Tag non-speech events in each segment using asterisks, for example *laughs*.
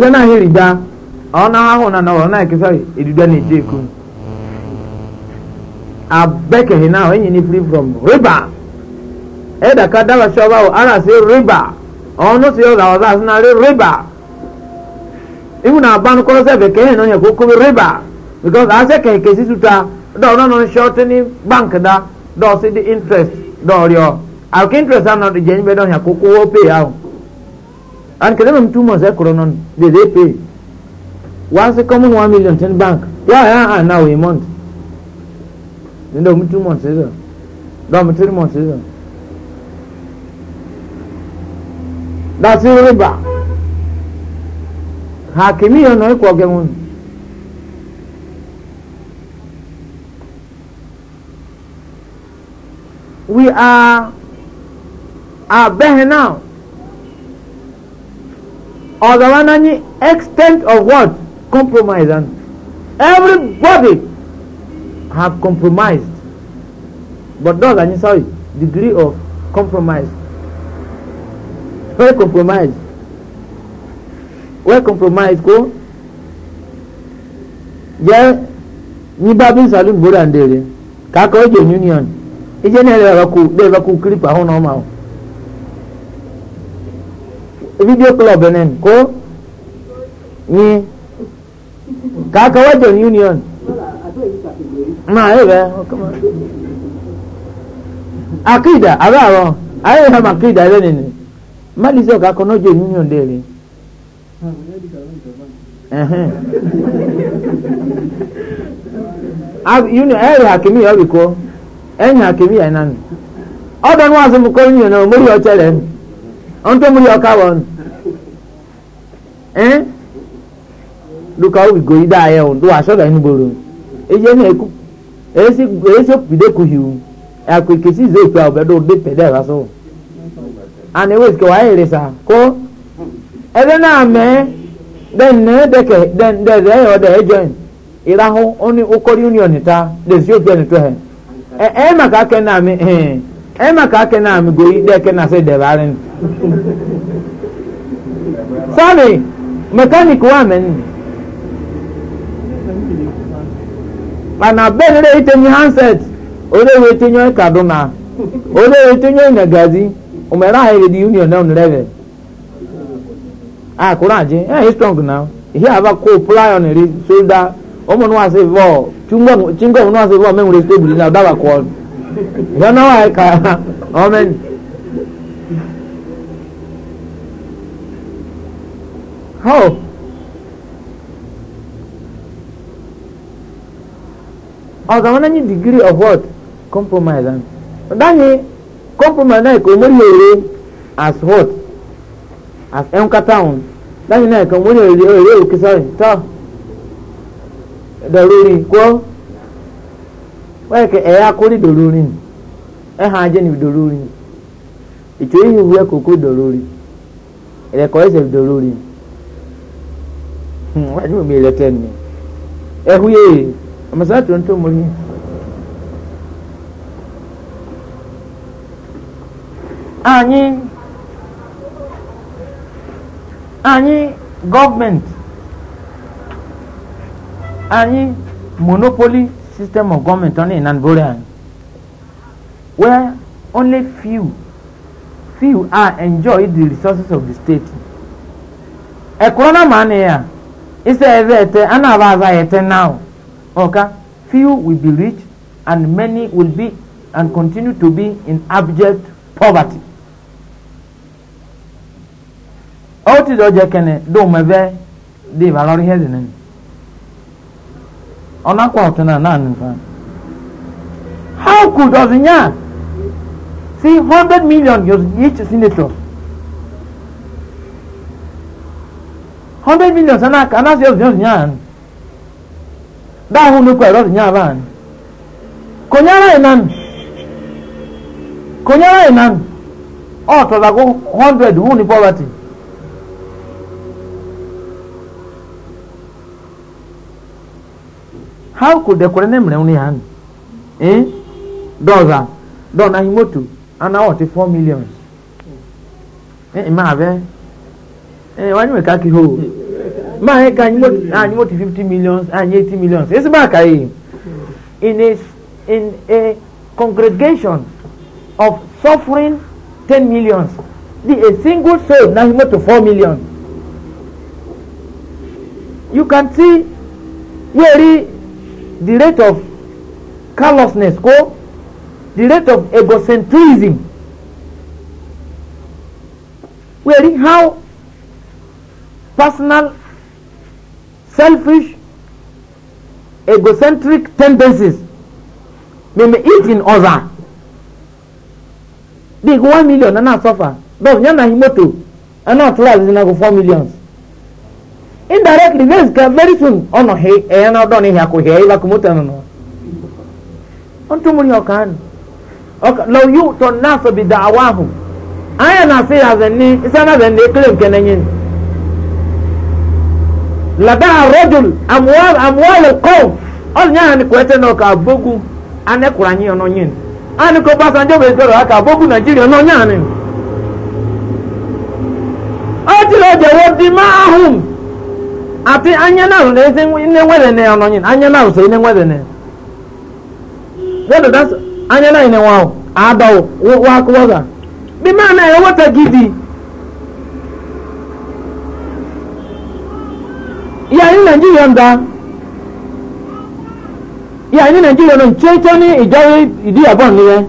ịza na ahịa da ọ na ahụ na nọrọ na ekesa eduda na eje eku abekeghị na enyi ni free from riba edaka daba shọba o ara si riba ọnụ si ụlọ ọzọ asị na riba ihu na abanụ kọrọ sebe kehe na onye kokobi riba because asị kehe kesi suta dọọ nọ nọ shọtị ni bank da dọọ si dị interest dọọ rịọ alka interest anọ dị jenyi bedọ nya kokowo pay ahụ and kele mam two months ekoro eh, non they dey pay once common one million ten bank wa ya ha ah, now a month then dom two months eh, is dom three months eh, is that's it riba hakimi yo no ko gemun we are are better now ọ̀dọ̀wánání extent of what compromise and everybody have compromised but those are sorry degree of compromise well compromise well compromise ko jẹ ní babi salim gbódà ń dèrè kakọ ìjọ union ìjẹ ní ẹrẹ ẹrọ kù dé ẹrọ kù kiri pa ọhún náà máa video club enen ko ni kaka wajen union ma ebe akida abe aro ayi ha ma akida ebe nini mali se ka kono je union de ni union ẹ yà kìmí yà ọ bì kó ẹ yà kìmí yà nani ọdọ ni wọn asọmọkọ union náà mo rí ọtẹ rẹ ni. ọ̀ntọ́ mu yọ ọ̀ka wọn ẹ́n lukà ó gbìgò yìí dáa yẹ ọ̀hún tó wà sọ́dọ̀ ẹni gbòòrò ẹ̀yẹ náà ẹ̀kú ẹ̀yẹsẹ̀ pìdékù hìwù ẹ̀kú ìkèsí ìzó ìpè ọ̀bẹ tó dé pẹ̀lẹ́ ẹ̀ka sọ̀rọ̀ àná ewé ìsìkè wáyé rẹ̀ sà kó ẹ̀rẹ́ náà mẹ́ dẹ́n ní dẹ́kẹ̀ dẹ́n dẹ́rẹ́ ẹ̀ ọ̀dẹ̀ ema ka ake na amigo ide ke na se debarin sabe mechanic wa men mana benere itenye handset odewe tinye kaduna odewe tinye nagazi omera ahịrị di union on level ah kura je eh strong now ihe aba ko ply on ri shoulder omo no se vo chungo chungo no ase vo menwe stable na daba ko lọ́nà wà ẹ̀ka ọmọ ẹni. how ọ̀gá wọn ní degree of what compromise then dáhìí compromise náà kò mú lèrè as what as ẹnkata ọ̀hún dáhìí náà kò mú lèrè òye òkè sọ́yìn tọ́ dọ̀rọ̀ rí kó wẹ́ẹ̀kẹ́ ẹ̀ akórí dòrórí ni ẹ̀ hàn ajẹ́ ni dòrórí ni ètò yìí wúwẹ́ kókó dòrórí ẹ̀rẹ̀kọ́ ẹ̀sẹ̀ dòrórí ni wọ́n ẹ̀dínwó mi ẹ̀rẹ̀tẹ̀ ni ẹ̀ húyẹ́ yìí ọ̀mọ̀sá tó ń tó mọ́ yìí. anyị monopoli system of government on in Anborian, where only few, few are enjoy the resources of the state. A corona man here, it says that another now, okay, few will be rich and many will be and continue to be in abject poverty. Out is all Jackane, don't my very, they valor here ọ̀nàkọ̀ ọ̀tún náà náà nìkan. how could ọ̀sìnyà sí hundred million each senator hundred million sanna kana sí ọ̀sìnyà ọ̀sìnyà ni dáhùn nípa ẹ̀rọ ọ̀sìnyà báà ni kò ní ara ìnáni kò ní ara ìnáni ọ̀tọ̀dàgó hundred wù ní poverty. how could the kore ne mmerɛ ne eh dɔza dɔn na moto ana ɔte four million eh ma abɛ eh wani mi kaki ho ma ye ka anyimoto anyimoto ah, fifty millions Ah, eighty millions esi ba kai? in a in a congregation of suffering ten millions the a single soul na anyimoto four million you can see where the rate of carelessness kó the rate of egocentrism wherein how personal selfish egocentric tendencies may be eat in other big one million na na suffer but nyana himoto ana tura azizina go four millions indirectly ways ka very soon ọnọ he na ọdọ n'ihi akụ hịa ịba kụmụta ọka anụ law you to bi awa ahụ Anyị na-asị ya azị nni ekele nke n'enye lada arọdụl amụọlụ kọm ọdụnya ha n'ikwete na ọka abogu anekwuru anyị aka anyị ati anya na na ezi nne nwere na ya n'onye anya na so ine nwere na ya that's anya na ine wao adawo wa kuwaza bi ma na ya wata gidi ya ni nigeria nda ya ni nigeria no cheche na ijo idi abon ni ye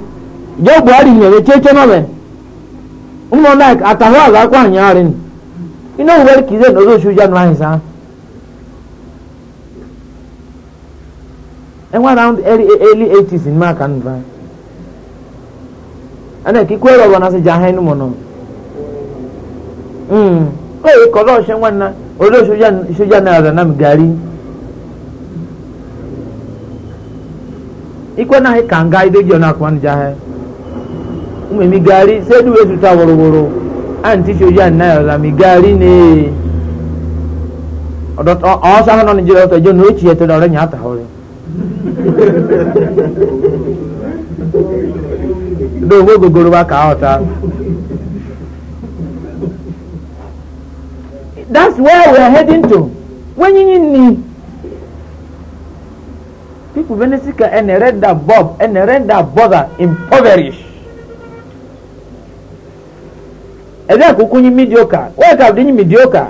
ijo buhari ni ye cheche no be umo like atawa ala kwa nyarin ina wo kize no zo shuja no ansa ẹwọ around early early eighties ni maa kan ban ẹnna kíkó ẹrọ wọn ase jahan no. mu nọ kó èyí kọ́ lọ́ọ̀ ṣe wọn na olóò sójà náà rẹ̀ nam gari ikọ́ náà kànga ìdéjì ọ̀nà àkùnrin jahan mmemme gari sẹ́dú wẹ́ẹ́ tuta wọ́rọ́wọ́rọ́ àǹtí sójà náà rẹ̀ mi gari ni ọ̀dọ̀ ọ̀ọ́sá hàn ní jẹ́rẹ́ ọ̀tọ̀ ìjọ ní ó tiẹ̀ tó lọ́rẹ́ nyà àtàwọ̀rẹ́ n'onwe gogoro wa ka ọta that's where we are heading to wenyinyi ni people bene sika ɛna renda bob ɛna renda bother impoverish ɛdi akoko nyi mediocre wɔyɛ ka ɔdi nyi mediocre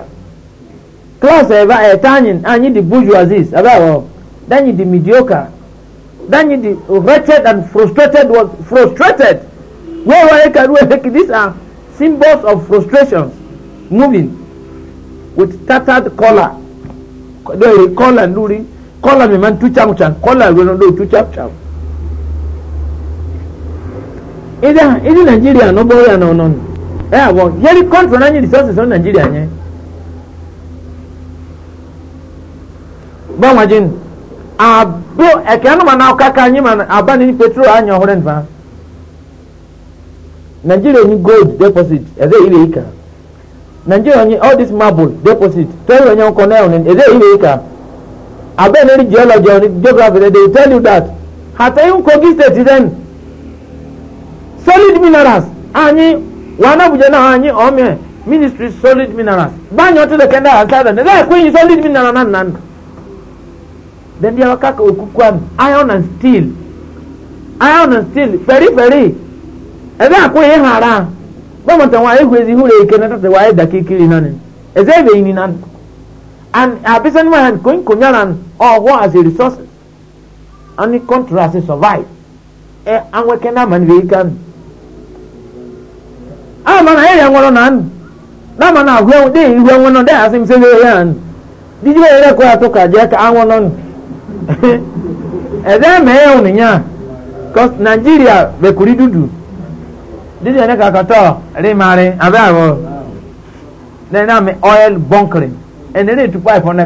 class ɛba ɛtanyin anyi di bourgeoisie ɛba wɔ danyi di mediocre. Then the wretched and frustrated was frustrated. *laughs* These are symbols of frustrations. Moving with tattered collar. The collar nuri collar mi man tu cham cham collar we no do tu cham cham. Ida ida Nigeria no boy no no. Eh well yeri control any resources on Nigeria nye. Báwọn ajé nù abo ɛkɛ no ma na ɔkaka anyi aba ne petrol anya ɔhore nfa nigeria ni gold deposit ɛdɛ ile yi ka nigeria ni all this marble deposit tell you ɔnyan kɔnɛl ni ɛdɛ ile yi ka abɛ ne ni geology ɔni geography de dey tell you that hatayi kogi state then solid minerals anyi wọn abuja náà anyi ɔmɛ ministry solid minerals báyọ̀ tó lè kẹ́ndà àti sáà dẹ̀ ẹ̀ lẹ́yìn pé solid minerals náà nànú then dia wakaka okukuanu iron and steel iron and steel very, very. ebe akwa ihe hara gbọmọta nwa egwu ezi hụrụ eke na tata waye dakikiri nani eze ebe ini nani and abisani wa hand koyin konyara ọhụụ as a resource ani country as a survive e anweke na amani wee kanu ama na area nwere na anu na ama na ahụ ewu dị ihu enwe nọ dị asị m sebe ya anu didi wee rekọ atụ ka jee ka anwụ nọ ɛdɛ mɛ yɛ wò nya cause nigeria bɛ dudu dudu yɛ ne ka kɔtɔ awɔ ne na oil bunkering ɛnɛ de tu pipe ɔnɛ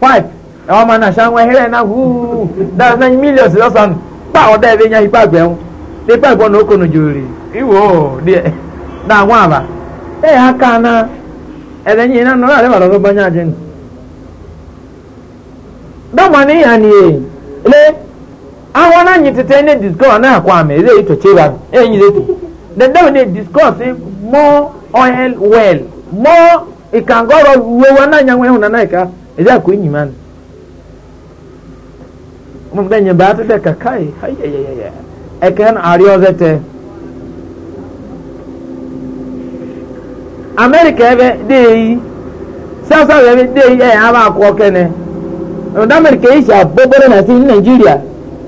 pipe ɛwɔ ma na sanwó ɛhɛrɛ na huu that's nine millions lɔsàn pa ɔdɛ ebe nya ipa gbɛn de pipe ɔnɛ okono iwo deɛ na àwọn ɛyà ɛdɛ nyi na dama ne ya ne le awon na nyi tete ne discuss na akwa me e nyi leto the devil ne discuss more oil well more ikangoro we wana nyanwe huna na ka ida akụ nyi man mun ga nyi ba ta kaka ka kai hayayaya e america ebe sasa ebe esi amẹ́ríkà yìí ṣe si náà sí nàìjíríà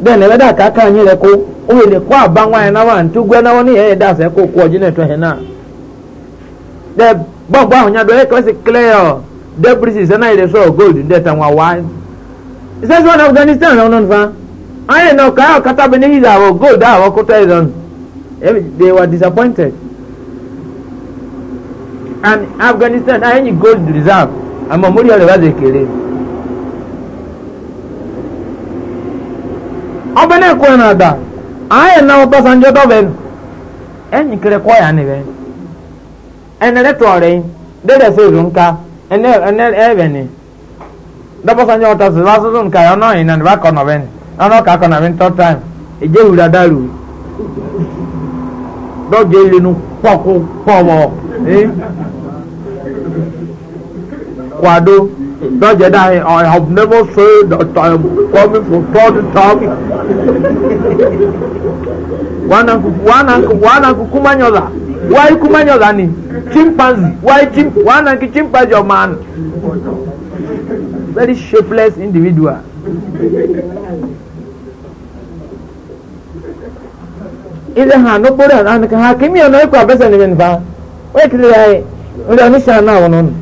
dẹ́n ní ẹ̀dá kàkà yín rẹ̀ kó ó lè kó àbáwọn ẹ̀ náà wà ní túgbẹ́ náà wọ́n ní ẹ̀yẹ dá sẹ́ kó kó ọjí náà ahụ ẹ̀ náà. dẹ bọ́ọ̀bù àwọn yàtọ̀ ẹ̀ gold ń dẹ̀tà afghanistan lọ́nà nípa ayé náà káyọ̀ kátàbí ní gold àwọn kótó ìlọrin they were disappointed and afghanistan ene kwa na da aye na oto sanjo to ben kwa ya ben en le to re de de so en en e ben ni da so ya no ina ba ko no ben ka ko na ben to time eje hura daru do je le nu poku powo eh kwado God said, I, I have never said that I am coming for third term. one uncle, one uncle, one uncle Kumanyola. Why Kumanyola ni? Chimpanzee. Why chimp? One uncle chimpanzee or man? Very shapeless individual. Ile ha no bora na ka ha kimi ona ko abesa ni ben ba. Wait, ile ai. Ole ni sana wonon.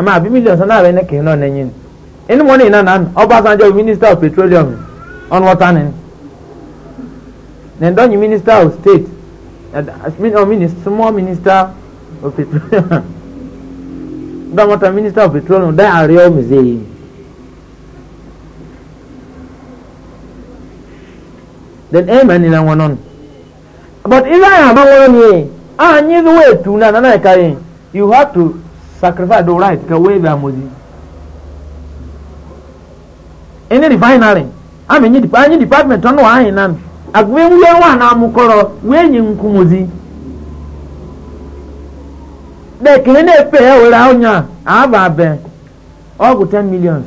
ama abi million sanni abẹ ne kìí náà n'enyin ẹni mọ́ni iná nànú ọbaṣanjọ́ minister of petroleum ọ̀n wọ́tá ni nìdọ́nyì minister of state small minister of petroleum *laughs* dọ́mọ́tà minister of petroleum dá àárẹ̀ ọ̀mùzẹ̀ yìí. then ɛmɛ ni na ŋɔnɔ but if i am a ŋɔnɔ ni ye a nyi ni wo etu na nana yi ka ye you have to. sacrifice the right ka wee bịa mozi any refinery anyị anyị department ọnụ anyị na agụwe nwunye nwa na amukoro wee nyi nkụ mozi dekele na-epe ya were ọnya aba abe ọgụ 10 millions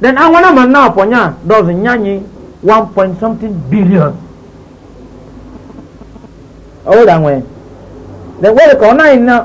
then anwụna ma na ọpọnya dozi nyanye 1 point something billion ọ were anwe then were ka ọ naghị na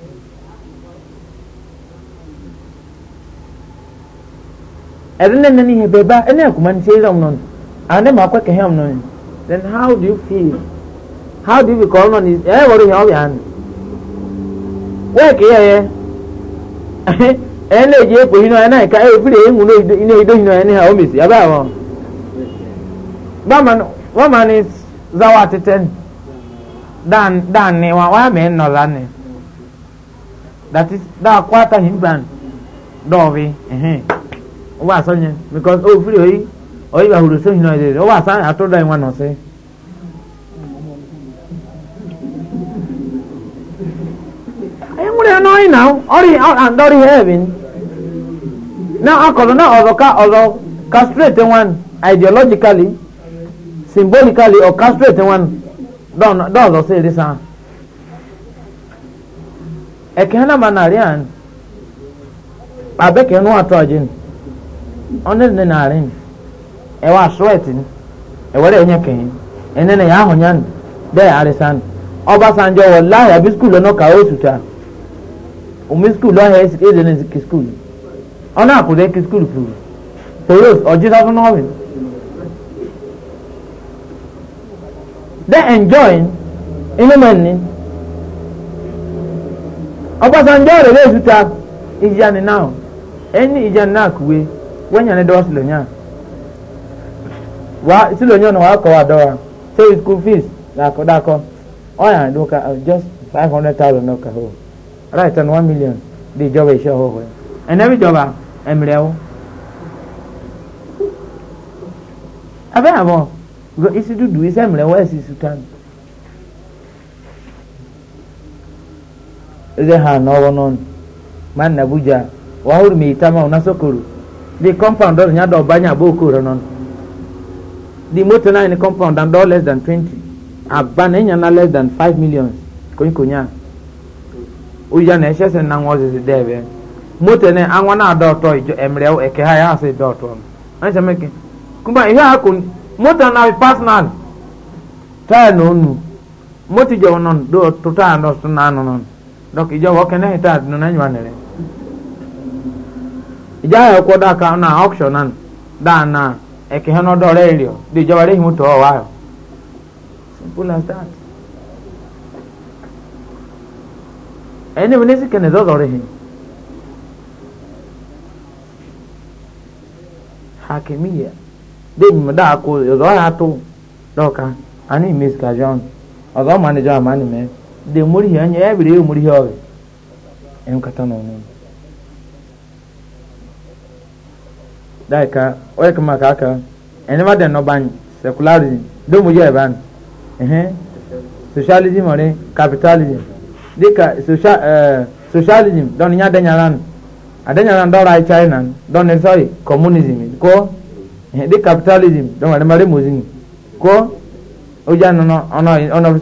ɛde ne nan yɛ bɛba ɛne akoma ne sɛ ɛdam non ane ma akɔ kɛhɛm non then how do you feel how do you feel kɔn non ɛyɛ wɔre hɛ ɔbɛ ano wɔyɛ kɛyɛ yɛ ɛyɛ na egye ekpo hinɔ ɛna ɛka ɛyɛ firi ehu na edo na edo hinɔ ɛne ha ɔmɛ si ɛbɛ awɔ bama no wɔma ne zawa tetɛ dan dan ne wa wa mɛ nnɔla ne that is that kwata him ban dɔɔbi ɛhɛn ọwọ asọnyin because o oh, firi oyi oyi ba huru sọnyin náà yẹrẹ ọwọ asan atọdọ ẹ wọn nọ sí. ẹnwúrẹ náà ọyìn náà ọrì àndọrì hẹẹbìn náà akọlọ náà ọzọ ká ọzọ castrate wọn ideologically symbolically or castrate wọn dọọzọ sí èdè sáà ẹkẹ náà mà nàrí àn abẹkẹ nù àtọ àjẹnù. ọnụ dị narị ewe asụreti ewere enye kenyi enene ya ahụ nyanụ de ya arịsanụ ọbasanjọ wọlahi abi skuul ọnụ ka o suta umi skuul ọhịa esi eze na ezike skuul ọnụ apụrụ eke skuul pụrụ poros ọjịsasụ n'ọbịa they enjoying inú mẹ́ni ọbasanjọ rẹ̀ lè suta ìjànì náà ẹni ìjànì náà kúwe. wenya ne dɔɔ silonya wa silonya na waa kɔ wa dɔɔ so his school fees daakɔ daakɔ ɔya oh, do ka uh, just five hundred thousand no ka right and one million de jɔba iṣɛ hɔ hɔ ɛnɛ bi jɔba ɛmirɛ wo abɛn abɔ isi dudu isi ɛmirɛ wo ɛsi sutan ɛdɛ ha na ɔwɔ nɔn man na abuja wahuru mi itama ɔna sokoro the compound doesn't have to banya boku ranon the motor na in the compound and all less than 20 abana nya na less than five million koyin konya uja na eshe sen na ngozi si debe motor na anwa na do to ijo emrew eke ha ya se do to an se meke kuma ihe akun motor na personal ta no nu motor jo non do to ta no na no non dok ijo wo kene ta no na nywa ijaya ko da ka na auction nan da na e ke hono do re rio di jawari himu to wa simple as that ene bene si kene do do re hin hakimiya de mi da ko yo do ha to do ka ani miss ka john ozo manager amani me de muri hi anya e bire muri hi o en kata no no daika oye kama kaka ene ma den no secularism do mu je ban eh socialism ore capitalism dika social uh, eh, socialism don nya den yaran aden yaran rai china don sorry communism ko eh di capitalism don mare mare mozin ko o ja no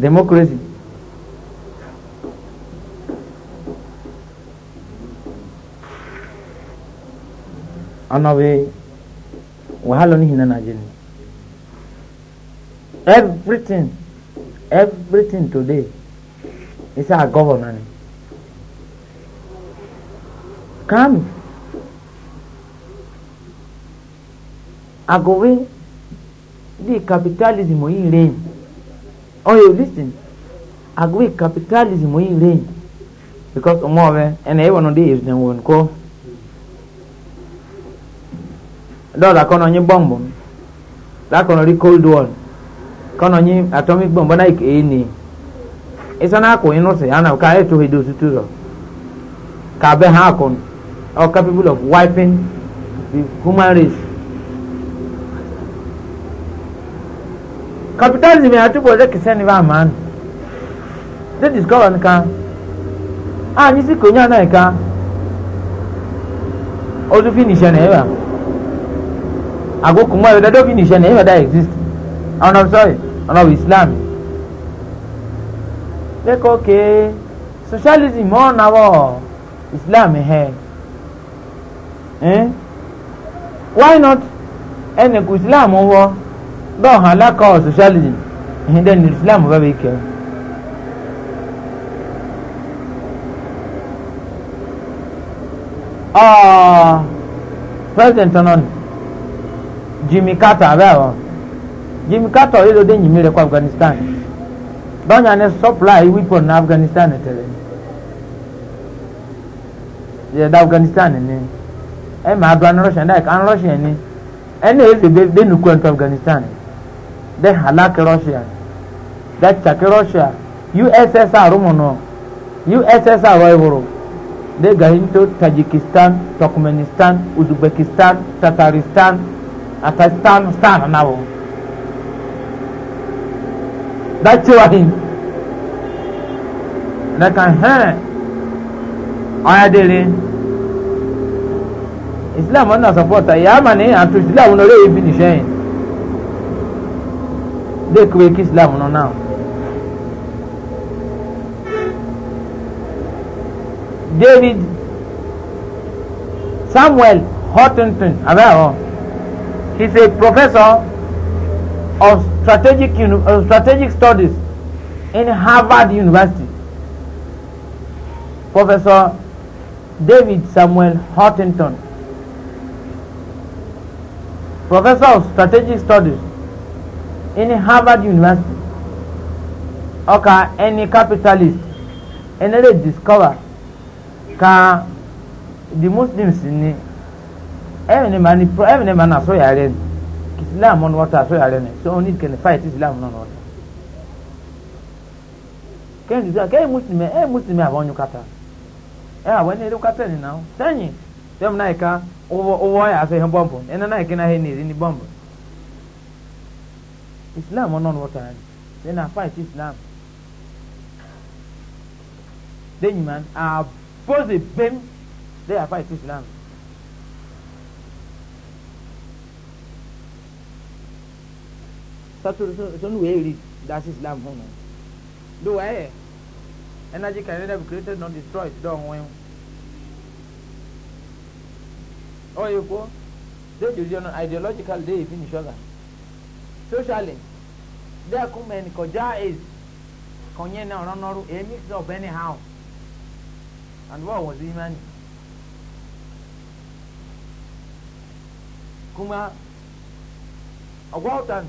democracy ana be wahala ni hina na jeni everything everything today is our governor ni kanu agowe the capitalism oyin reign oh you lis ten agowe capitalism oyin reign because ọmọ ọbẹ ẹnna ẹ wọn de èrè wọn kọ. dọla kọnọ nyi bọmbụ la kọnọ ri cold wall kọnọ nyi atomic bomb na ike eni isa na akụ ịnụ sị ana ka eto ha edosu tụzọ ka be ha akụ ọ capable of wiping the human race capitalism ya tupu ọjọ kese ni ba ma they discover nka a anyị si ka onye anaghị ka otu finish ya na ebe ago kuma yau da dofi ni shani yau exist and i'm sorry and of islam like okay socialism mo na wo islam he why not ẹnì kù islam wọ bẹ́ẹ̀ hàn lákọ̀ socialism ẹ̀hìn dẹ́ni islam bá bẹ́ẹ̀ kẹ́ ọ́ ah, president ọ̀nà ni jimmy carter abẹ́wọ̀ jimmy carter yìí ló dé yìnbí rẹ̀ kọ́ afghanistan dọ́nyà ni supply weapon na afghanistan tẹ̀lé yẹ da afghanistan ni ẹ máa do an russian dáìka an russian ni ẹ ní èyí ṣe dé nukú ẹ̀ tó afghanistan dẹ́ halak russia dẹ́ chaki russia ussr mu nọ ussr ọ̀ ìwòrò dẹ́ gahinto tajikistan turkmenistan uzbekistan tataristan after stand stand now that show him like a hand ayadele islam ọ̀nà sọpọ́tà ìyá àmà ní àti islam ọ̀nà olóyè fi nìṣẹ́ yìí dékùwé kí islam ọ̀nà náà. david samuel huntington abẹ́ àwọn. He's a professor of strategic, uh, strategic studies in Harvard University. Professor David Samuel Huntington. Professor of Strategic Studies in Harvard University. Okay, any capitalist ẹni discover ka the Muslims in the. ɛmɛnɛ ma ni pro na so yare islam ɔnu wɔta so yare ni so oni kele fight islam ɔnu wɔta kẹ́hìn sísọ kẹ́hìn mùsùlùmí ẹ̀ mùsùlùmí àwọn ọ̀nyọ́ kata ẹ̀ àwọn ẹni ẹ̀rọ kata nìyẹn náà sẹ́yìn sẹ́yìn náà ẹ̀ka owó ẹ̀ àṣẹ ìhìn bọ́m̀bù ẹ̀nà náà ẹ̀kẹ́ náà ẹ̀ nìyẹn ní bọ́m̀bù islam ọ̀nà ẹ̀ na fight islam lẹ́yìn man àbọ̀dé bẹ́m fight islam. sọtụrụ sọnụ wee read that's islam hụ na do wee yẹ energy can never be created nor destroyed dọ ọhụrụ ịhụ ọ yẹ kwuo dey jiri ọnụ ideological dey finish ọga socially there come any kọjá is kọnyẹ na ọ̀rọ̀ n'ọrụ a mix up anyhow and what was man? kuma ọgwa ụtanụ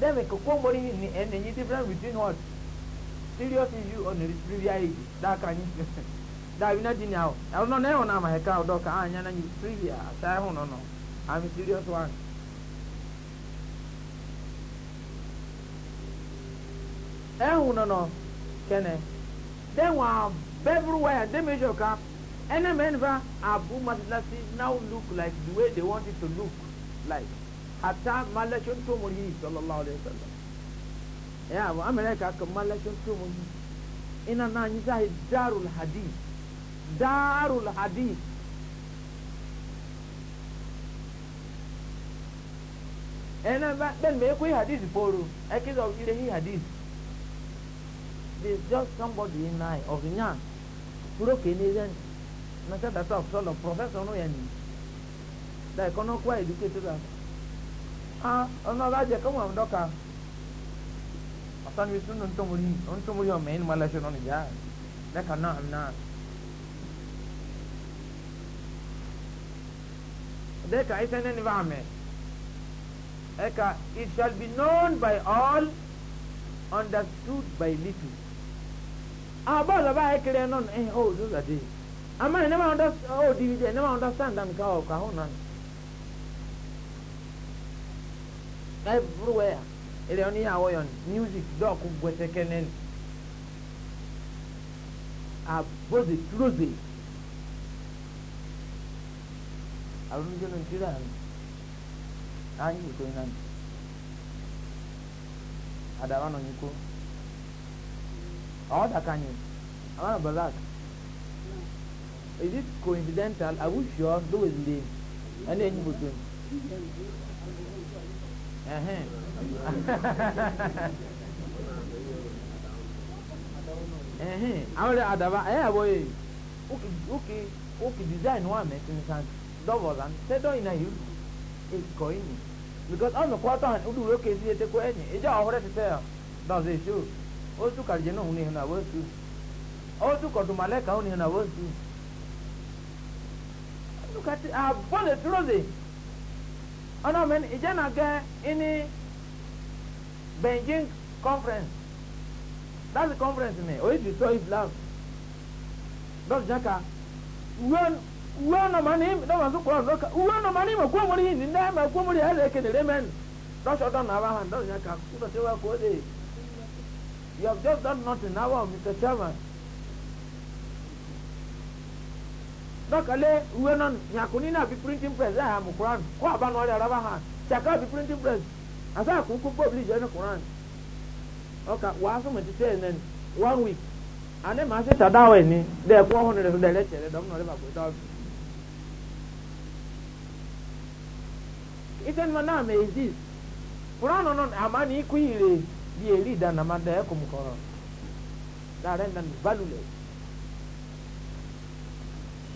then we could come in the end any difference between what serious issue on the previous age that can *laughs* you that we not now I don't know now my car dog ah nyana ni previous I don't know I'm a serious one ɛhu eh, oh, no no kɛnɛ then wa bɛburu waya dem make sure ka ɛnɛ mɛ nifa abu masilasi now look like the way they want it to look like hatta malashin tumuri sallallahu alaihi wasallam ya abu amerika kan malashin tumuri ina na yi zahi darul hadith darul hadith ena ba ben me ko hadith poru e ki zo ile hi hadith there's just somebody in I of nya puro kenyan na sa data of solo professor no yani da kono kwa educated a ɔno ɔba agye kama ɔmo dɔka ɔsan bi sunu ntomori ntomori ɔmo ɛnum alɛsɛ n'ɔno gyaa dɛka naa naa dɛka ayisa ne ne ba amɛ ɛka it shall be known by all understood by little aba ɔlɔba ayɛ kiri ɛnɔ ɛn o zozade ama ne ne ma understand o divide ne ma understand am ka ɔ ka ho na no. everywhere ele oni awo yon music dɔɔ ko gbɛtɛ kɛnɛn a bose turoze a bɛ mujɛ lɔn tira yan an yi ko inan a daba nɔ nyiko ɔwɔ da kan ye a ma na balak is it coincidental are we sure those days ɛni enyi bɛ to yen. àwọn àdàbà ẹ̀ ẹ̀ wọ́n yìí ókè ókè design wọn àmì ẹ̀sìn sàn dọ́bọ̀ lan tẹ́tọ́ yìí náà yìí kọ́ because ọ̀nà kwọ́tọ̀ hàn ọdún lókè sí ètè kọ́ ẹ̀yìn ìjọ ọ̀húnrẹ́ ti tẹ̀ dọ̀sẹ̀ èso ó tún kàrìjẹ́ náà òun ni ìhùn àwọn èso ó tún kọ̀dùnmọ̀lẹ́kà òun ni ìhùn àwọn èso. àbọ̀lẹ̀ túrọ̀sẹ̀. ọ̀nà mẹ́ni ìjẹ́nà gẹ́ ẹni beijing conference that's the conference ni oye destroy islam lọ́dún jẹ́ka uwe ọ̀nàmà ni dọ́gba tó kọ́ ọ̀dọ́ ká uwe ọ̀nàmà ni mọ̀ kúọ̀mù yìí ní ndẹ́mà kúọ̀mù yìí ẹ̀rẹ́ kẹ̀lẹ́rẹ́ mẹ́ni lọ́sọ̀ dọ́nà àbá hàn lọ́dún jẹ́ka kúrò tí wọ́n kọ́ ọ́ dé you have just done nothing now mr chairman. dɔkɛlɛ uwe nɔnu nyakuni na fi printing press ɛyà mu kuran kó aba nɔ ɔlẹ́ raba hàn fi printing press asa kuku publish ɛni kuran ɔka wàá sɔmɔ títí ẹ̀ one week ane maa se sada awɔ ɛni dɛ ɛkú rẹ̀ dɛ ɛlɛtsɛ rẹ̀ dɔm nɔlẹ́ bàbá ɛdá ɔfi. isɛn ma naa mɛ ezi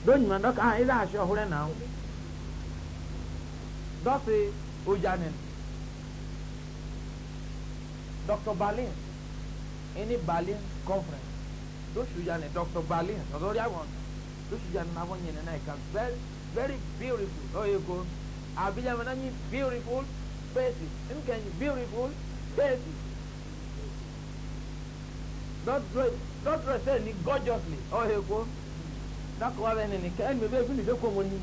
lónìí máa dọ́kà ilé aṣọ ọ̀húnrẹ́ náà dọ́sì ojanin dr berlin any berlin conference lóṣù ojanin dr berlin ọ̀dọ́rí àwọn lóṣù ojanin náà wọ́n yẹn ní náà kan very very beautiful lọ́yẹ̀ kó àbílẹ̀ wọn náà yín beautiful faces nǹkan yín beautiful faces dọ́tírẹ̀ sẹ́yìn ní gorgeously ọ̀yẹ̀ kó. dakwa bene ni kan me be fini de ko woni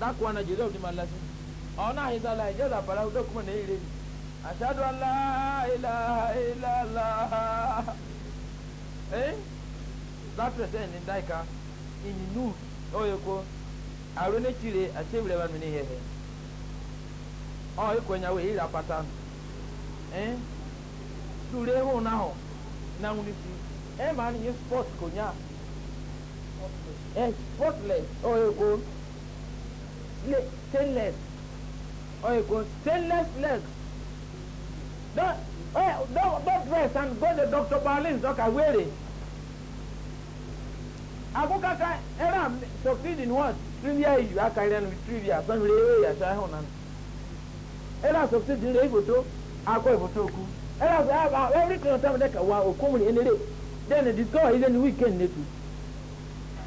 dakwa na jelo di malasi ona hida la je da para do kuma ne ire ashhadu an la ilaha illa allah eh that person in daika in oh, nu oyeko arone chire asebule ba mini hehe oyeko oh, nyawe ira patan eh sure ho na ho na ngulisi e eh, ma ni sport konya spotless oyeko stainless oyeko stainless leg don don dress and go the doctor balin doka were akukaka era succeed in what Three years you trivia iju akarịa na trivia sanwere ewe ya sa ahụ na era succeed in eboto akọ eboto okwu era everything on time deka wa okomuni enere then discover is any weekend nature.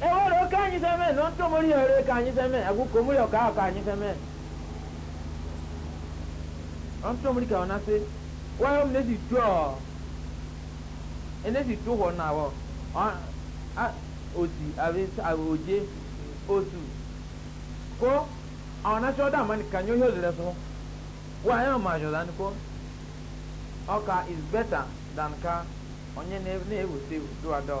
ewere oke anyị na seme nọ ntụmori ere ka anyị seme agwụ ka omori ọka ahụ ka anyị seme ntụmori ka ọ na-asị wayọ m na-esi tụọ enesi tụhọ na awọ osi oje osu ko ọ na-asị ọdọ amani ka anyị ohe ozere sọ wayọ ma ajọ dan ko ọka is better than ka onye na-ewute dụwa dọọ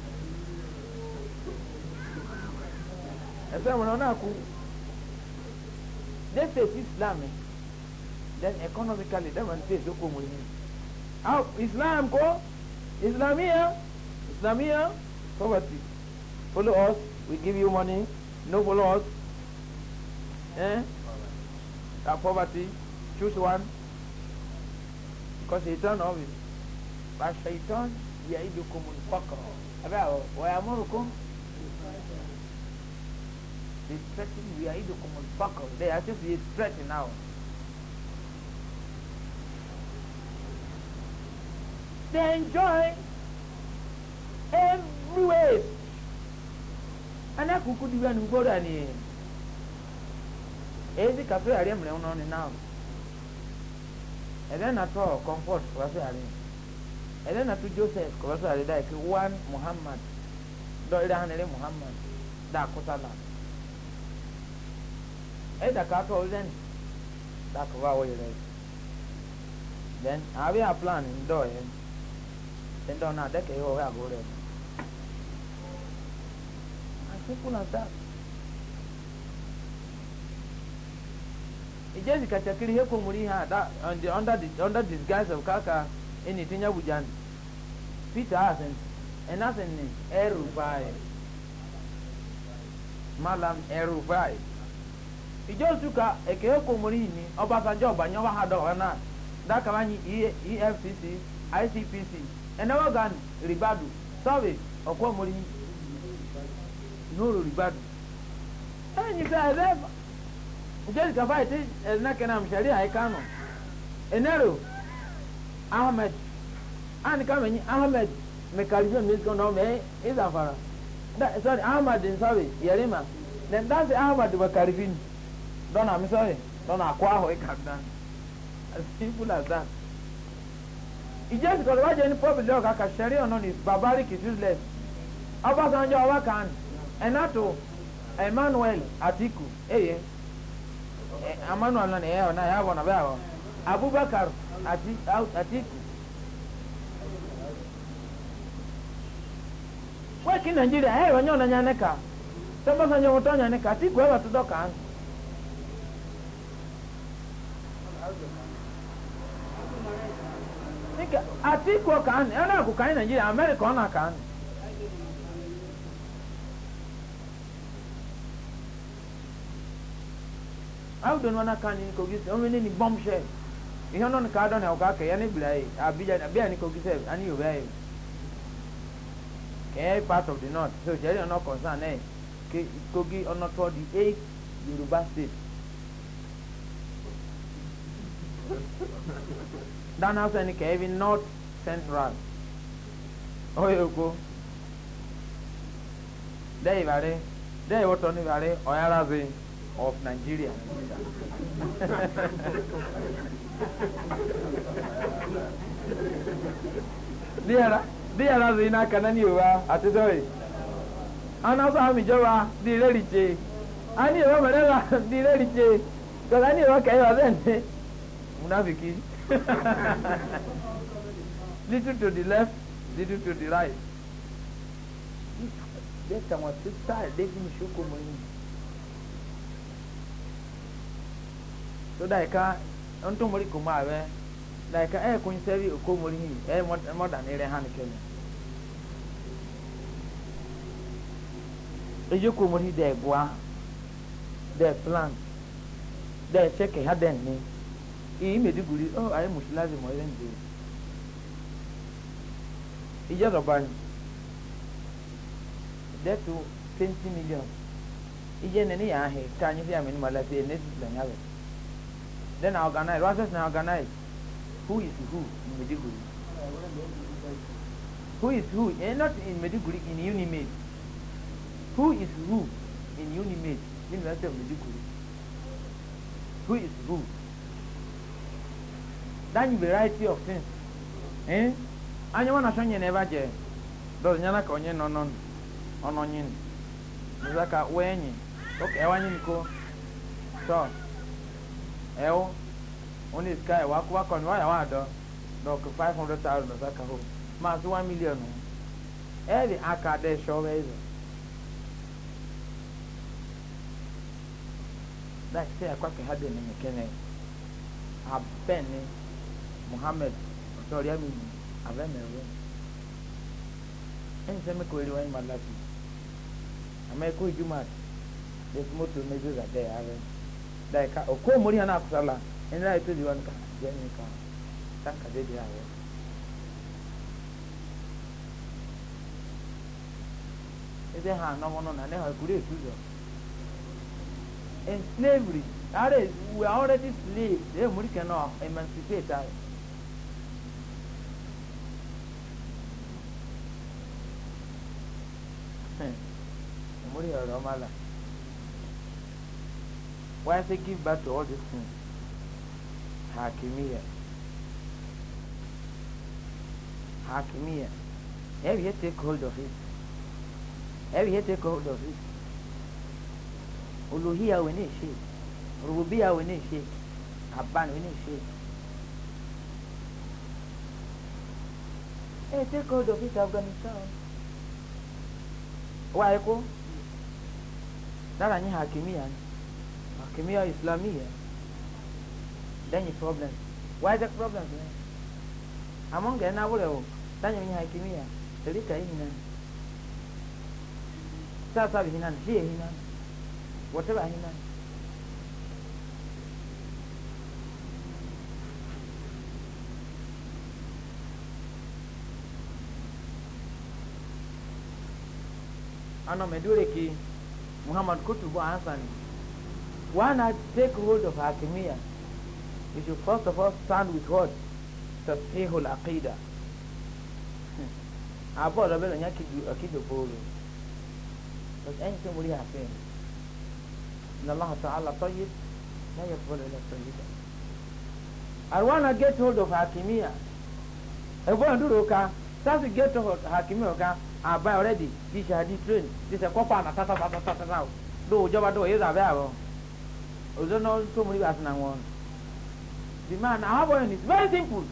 ẹsẹ wọn náà kú they state islam then economically dem and state ló kó mu how islam kó islamia islamia poverty follow us we give you money no follow us eh That poverty choose one because shaitan always but shaitan yẹ ibi kumun kọkọ abẹ́ àwọn wọ́n yà múrùkún they threaten we are idokum al-bakr they are just they threaten now they enjoy every way anakuku di wani gbọdọ ni ezi kafe ari emere ọnụ ọnụ now ebe na tọ comfort kọbafe ari ebe na tọ joseph kọbafe ari daike one muhammad dọrịrị ha nere muhammad da akụsala ɛyɛ daka atɔ ɔyɛ dɛn daka wa wɔyɛ dɛ then abe a plan in do ndɔɔ yɛ ndɔɔ na adaka go ɔyɛ agorɔ yɛ as simple as that ìjẹ́ ìsìkàtàkiri hẹ́ kò múri ha da under the under disguise of kaka ẹni tí ń peter asin ẹnasin ni ẹrù báyìí malam ẹrù báyìí. Ije ijosuka ekeokomrini obasanjo gbanye ọgba ha dọwana dakawanye efcc icpc enewogan ribadu sọri ọkwọmori n'ụlọ ribadu enyisa ebe nke jessica fight ezenakenam sharia ikano enero ahmed anikamenyi ahmed mekalifion mexico na ome izafara sorry ahmed nsabi yarima then that's ahmed mekalifini don't I'm sorry, don't acquire come down. As simple as that. It just because why any problem dog I can share on is barbaric is useless. Obasanjo Awakan, Enato, Emmanuel Atiku, eh, eh. Emmanuel na eh ona ya bona bawo. Abubakar Atiku. Waki Nigeria, eh wanyo na nyaneka. Obasanjo mutonya neka Atiku ewa tudoka anu. atiku kan ɛna aku kan nigeria america ɔna kan awo dɔn wana kan ni kogi sɛ ɔmo ne ni bɔm sɛ ihe ɔno ka dɔn na ɔka kɛ ya ne bila yi abija abija ni kogi sɛ ani yorùbá yi kɛ part of the north so jɛri ɔno concern ɛ ke kogi ɔno tɔ di eight yorùbá state dana sɛn ka ebi north central ɔyɛ oko dɛ ibare dɛ iwɔtɔ ni ibare ɔyarazi of nigeria diara diara zi na kana ni owa ati dɔyi ana sɔ ami jɔba di ile ri tse ani ewa mɛrɛ la di ile ri tse kɔsa ani ewa kɛyɔ sɛ ne munafiki little to the left, little to the right. Dẹ́ta wọn ti sáà lẹ́gbẹ̀ẹ́ ìṣókò mọ́ ẹ̀yìn. So dàìka ntòmórì kò máa bẹ́ dàìka ẹ̀ kò ń sẹ́rí òkòmórì yìí ẹ̀ mọ́dà ní rẹ̀ hàn kẹ́lẹ̀. Ìjókòmórì dẹ̀ bua dẹ̀ plant dẹ̀ ṣẹ́kẹ̀ hádẹ̀ ní hii meduguri oh ayi mushi lazima ile ndio ijara bani detu twenty million ije nene ya ahe tanyi fi amini malati ene sisla nyawe then I organize Rasas na organize who is who in meduguri who is who eh, not in meduguri in unimate who is who in unimate university of meduguri who is who that variety of things eh anya wana shonye na eba je does nyana ka onye no no ono nyin nza ka wenyi okay ewa nyin ko so ewo oni sky wa ku wa kon wa ya wa do do ko 500000 nza ka ho ma so 1 million every aka de show ezo that say akwa ke hade ni mekene abeni muhammed ọtọọrọ ya mìíràn abẹ́mẹ̀wẹ́ ẹni sẹ́mi kò rí wọn ní malasi àmọ́ ẹ̀kọ́ ìjùmọ̀ lẹ́sí mọ́tò méjì gàdẹ́ ààrẹ dàìka ọkọ̀ mórí hàn àkùsàlà ẹni láì tó di wọn ká jẹ́ ẹni ká sáǹkà dédé ààrẹ. ẹsẹ̀ hàn náà wọn náà lẹ́hàn ẹ̀kúrẹ́ ìtúzọ̀ in slavery ààrẹ we are already slaves ẹ̀ mórí kẹ́ náà emancipate ààrẹ. Muri Romala. Why they give back to all these things? Hakimia. Hakimia. Have you take hold of it? Have you take hold of it? Uluhia we need shit. Rububia we need shit. Aban we need shit. Hey, take hold of it, Afghanistan waye ko dara nyi hakimia hakimia islamia danyi problem why the problem eh? among ga na wure o danyi nyi hakimia dalika hina sasa hina hii hina whatever hina ana medure ki muhammad kutubu Why not take hold of hakimiyya we should first of all stand with God to what hold aqida abo ọdọ bẹrẹ yẹn akijo bóòlù but ẹni tí mo rí Allah Taala tó alatọ́yé lẹ́yìn fọlọ́ ẹlẹ́tọ́yé dà i to get hold of hakimiyya ẹ̀gbọ́n dúró ká sáà sì get hold of hakimiyya I buy already this train this a copper na ta ta ta ta ta ta do joba do yeza be abo ozo no to muri as na won the man how boy is very simple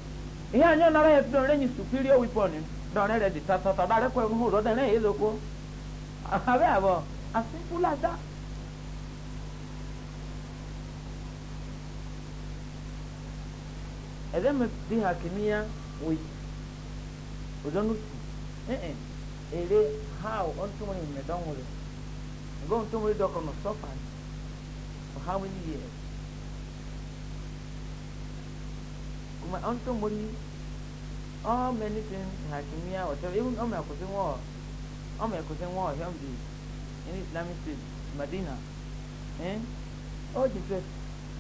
anyo na re to re superior weapon do re ready ta ta ta da re ko hu ro da re yezo ko as simple as that and then eh eh ere how ontumuri medonwuri go ontumuri dokono suffered for how many years kuma ontumuri all many things hakimia whatever even ọmọ ẹkọsí wọn ọmọ ẹkọsí wọn ọhẹm di in islamic state madina ẹn ó ti fẹ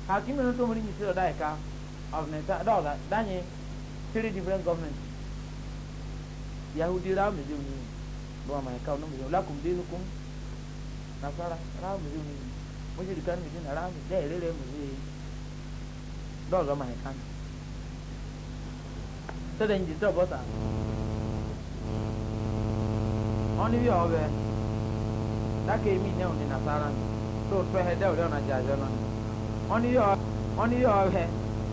hakimia ontumuri mi sí ọdá ẹka ọ̀nẹ̀ta dọ́ọ̀dá dányẹ three different governments yahudi ra méjì mi. bawa mereka orang Melayu lakum dinukum nasara ramu zuni musyrikan mungkin haram deh lele mesti dua orang mereka sering jadi dua bosan oni bi ọbẹ dákẹ́ mi ní òní nasara tó fẹ́ ẹ dẹ́wọ̀dẹ́ ọ̀nà jàjọ náà oni bi ọbẹ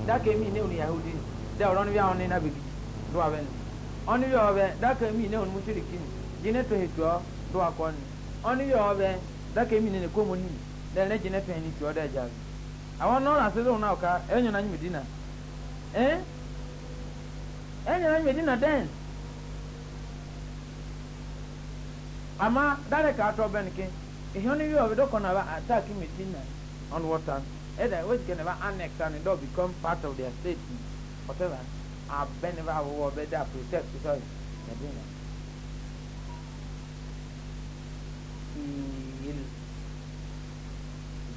dákẹ́ mi ní òní yahudi dẹ́wọ̀dẹ́ ọ̀nà bí àwọn ní nàbẹ̀gì ló wà bẹ́ẹ̀ ni oni bi ọbẹ dákẹ́ mi ní òní musyrikin. jine to he tuo do akon oni yo be da ke mi ne ko mo ni ne jine ni na se na ka enyo na nyi dina eh? enyo na dina ama dare ka to ben ke ihe oni yo be do ko na ba attack mi dina on water either which can never annex and it become part of their state whatever abeniva awo ọbẹ dà protect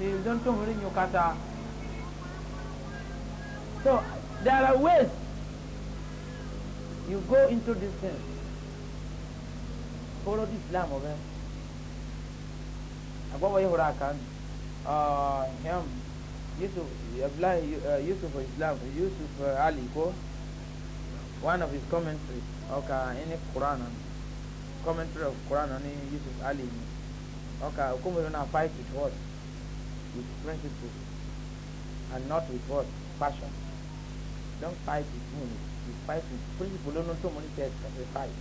you don't come kata. so there are ways you go into this thing follow this Islam of him agwawa yi hura kan ah, him Yusuf Abdullahi uh, Yusuf Islam Yusuf uh, Ali ko one of his commentaries okay in the Quran commentary of Quran on Yusuf Ali okay come will not fight with what with principles, and not with what passion don't fight with money you fight with principle don't know so many tests of a fight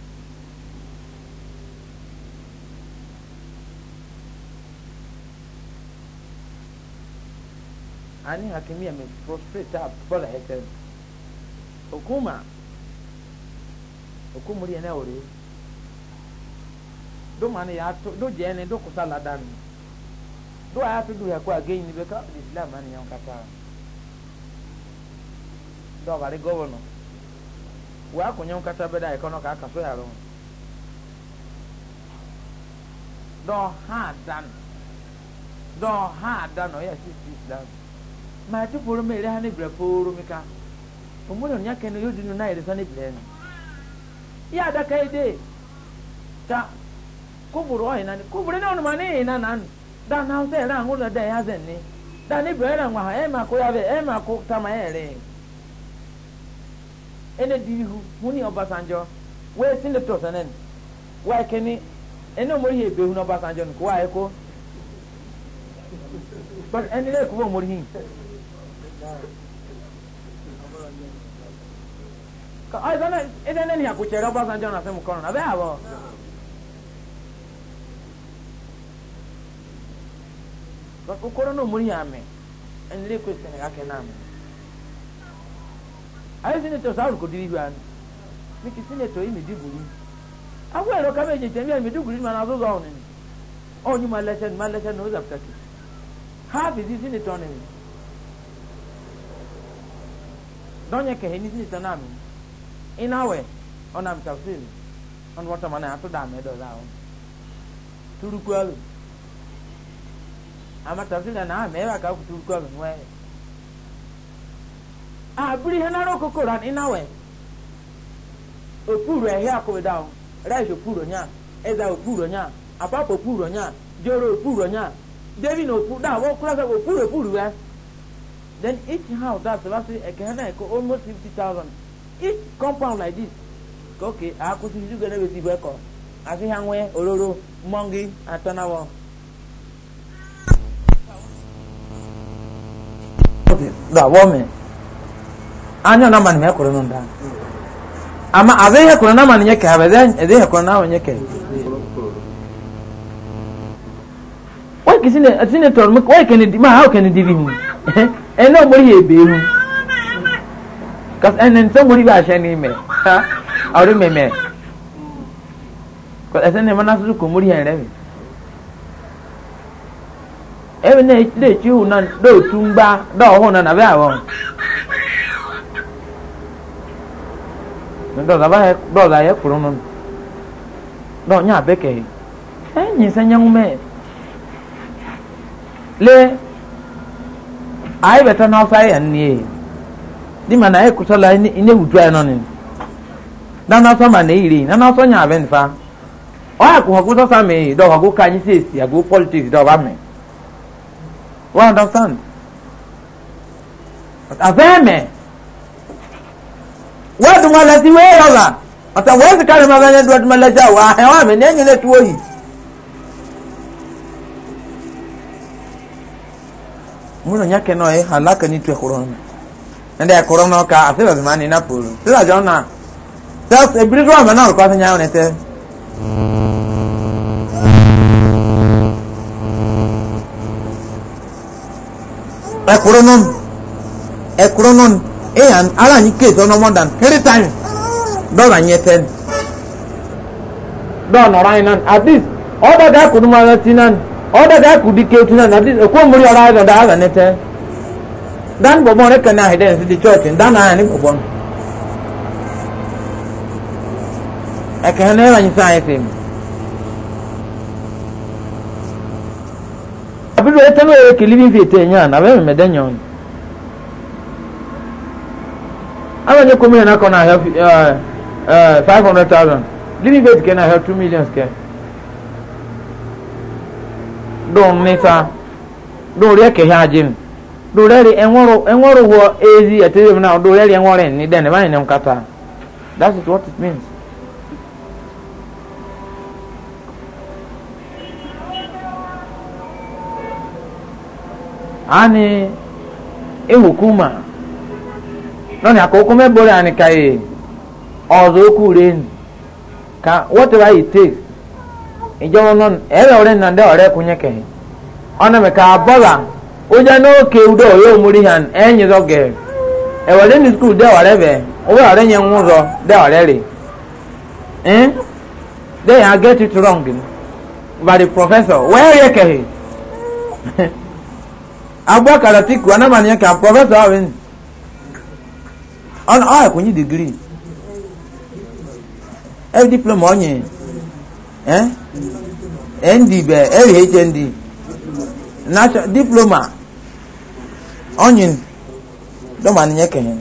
ani hakimi ame prostrate a bɔla hɛtɛ okuma okumuri yɛ na ore do mani ya to do jene do kusala dami do ya to do ya kwa again ni beka islam mani ya kata do bari governor wa kunyo kata beda ikono ka kaso ya ron do ha dan do ha dan o ya si islam ma ti poro mere ha ni bre poro mi ka omulo nya kenu yodinu na ire sani bre ni ya da kaide ta kuburu ohina ni kuburu ni onuma ni ina nanu da na ose era ngula da ya zen ni da ni bere era ngwa e ma ko ya be e ma ko tama ere ene dihu muni obasanjo we sin lepto sanen wa keni ene omori he behu no obasanjo ni ko wa eko but ene le ko omori hin ka ai bana ene ne ni akuchera obasanjo na semu kono na be abo yeah. don ukoro no muri ame en le ko tene ga kena ame ayi sini to sa ko diri ban mi ki sini to imi di buru awu ero ka be je je mi di buru ma na zo zo ni o ni ma le sen ma le sen no za ptaki ha bi sini to ni don ye ni sini to na mi inawe ona mtafsiri on wata mana atu da me do za on turukwalu amatafsiri na amewa ka kutukwa mwe abiri hena ro kokora ni nawe okuru ehi akoda o rice okuru nya eza okuru nya apapo okuru nya joro okuru nya devi no okuru da wo kura ka okuru okuru we then each house that's about ekena eko almost 50000 each compound like this okay akusi zuga na beti beko asi hanwe ororo mongi atanawo da wome anyo na mani mekoro no da ama aze he koro na mani nyeke habe ze ede he koro na mani nyeke wai kisine atine tor mu ne di ma how kene diri hu *laughs* eh no mori he be hu kas enen so mori ba shani me ha awre me me ko asene manasuko mori he rebe ebe na echi hụ na otu mgba do ho na nabe abụọ dọla ya kwuru nụ dọ nya bekee enyi senye ngume le ayi bɛtɛ n'afa yɛ nie di ma na ayi e kusa la ne wutu ayi nɔni na n'afa ma na eyiri na n'afa nya abɛ nfa ɔyɛ kuhɔ kusa sa mi dɔ ɔgo kanyi sɛ esi ago politiks dɔ ɔba mi. One understand? Aveme. Wadu malati we yola. Ata wezi kare mabane duwadu malaja wa hewa me nenye ne tuwo yi. Muno nyake no eh halaka ni tuwe korona. Nende ya korona ka afeba zimani na pulu. Sila jona. Sasa ebiri tuwa manoro kwa sanya yonete. Mm. ekuru nun ekuru nun eya eh, ara anyị keeti ọnụ more than kere times dọla nye ten dọọ nọrọ anyị nan at least ọdọ dị akụ nụmụ ara ti nan ọdọ dị akụ dị keeti nan at least ekwu mmiri ọrụ anyị dọdọ ara n'ete dan bọbọ ne kan ahịa dẹnsi di chọọchị dan ahịa ne bọbọ ekele na-ewe anyị sị anyị abiru ete no eke living faith enya na abe me de nyon ama nye komi na kona help eh eh 500000 living faith ken na help 2 million ken don nita don re ke ha jim do re enworo enworo wo ezi ete na do re enworo ni den ba ni nkata that is what it means ani ehukuma nani akoko mebore ani ọzọ ka whatever nọ ẹrẹ ọrẹ nà ndẹ ọrẹ kúnyẹ kẹhẹ ọnà mi ka bọla ọjà náà òkè udọ òye òmùrí hàn zọ gẹ ẹwà lẹni skul dẹ ọrẹ bẹ ọwọ ọrẹ yẹn ń zọ dẹ ọrẹ rè ẹn dẹ yẹn get it wrong the professor *laughs* agbakara tiku anamani ya ka professor ahụ ni ọnụ ọ digiri ebi diploma onye eh nd be eri hnd national diploma onye ya kenye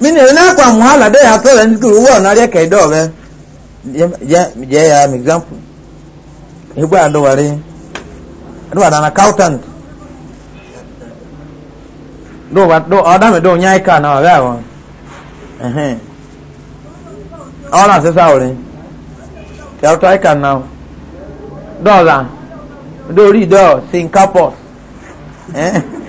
mini ya tọrọ ndị kuru ka jee ya m example egbe adọwarị do an accountant do what do adam do nyai ka na wa wa eh eh ona se sa ore ya to i can now do that do ri do singapore eh